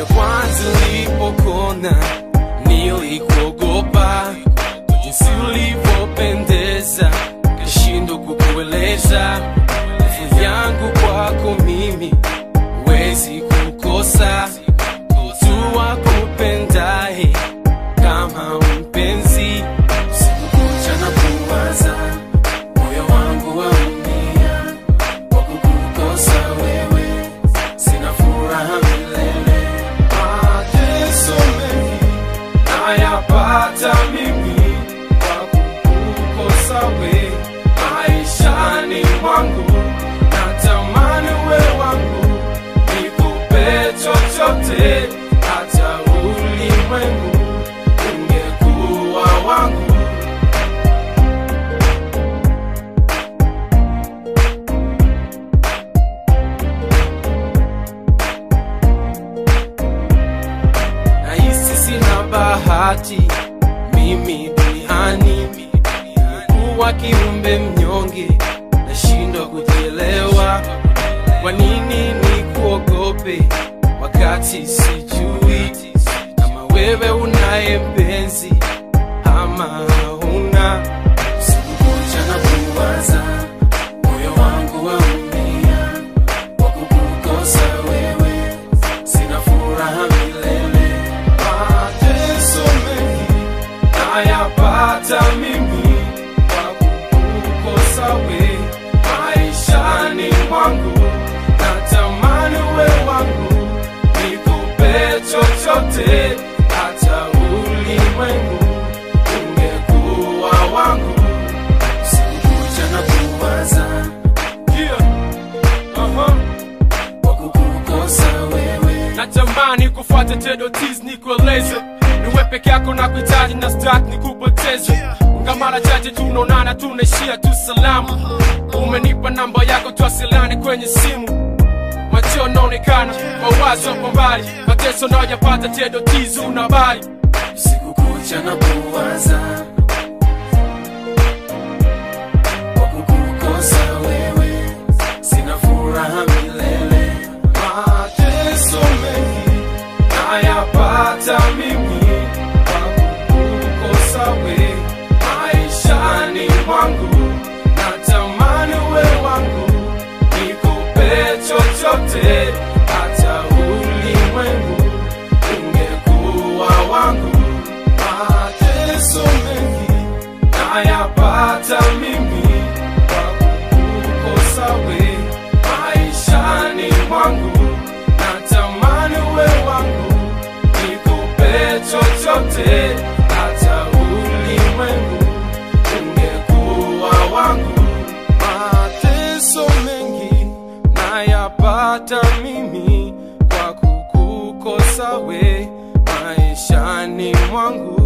moyo kwanza ulipokona nilikuogopa kwa jinsi ulivyopendeza kashindo kukueleza hata mimi nakukukosa we maishani mwangu natamani we wangu nikupe chochote hata ulimwengu ungekuwa wangu bahati mimi bihani kuwa kiumbe mnyonge, nashindwa kujielewa. Kwa nini kuogope wakati sijui, kama wewe unayembe nawe maishani mwangu, natamani we wangu, nikupe chochote, hata ulimwengu ungekuwa wangu. Sikuja na kuwaza yeah. uh-huh. wakukukosa wewe, natamani kufuata Tedo Tiz nikueleze niwe peke yako na kuhitaji na sitaki nikupoteze yeah na mara chache tunaonana, tunaishia tu salamu. Umenipa namba yako, tuwasiliane kwenye simu. Macho naonekana, mawazo kwa mbali, mateso nayapata, tedo tizu na bali, usiku kucha na kuwaza Tell me yote hata ulimwengu ingekuwa wangu. Mateso mengi nayapata mimi kwa kukukosa we maishani mwangu, natamani we wangu nikupe chochote hata mimi kwa kukukosa we maishani mwangu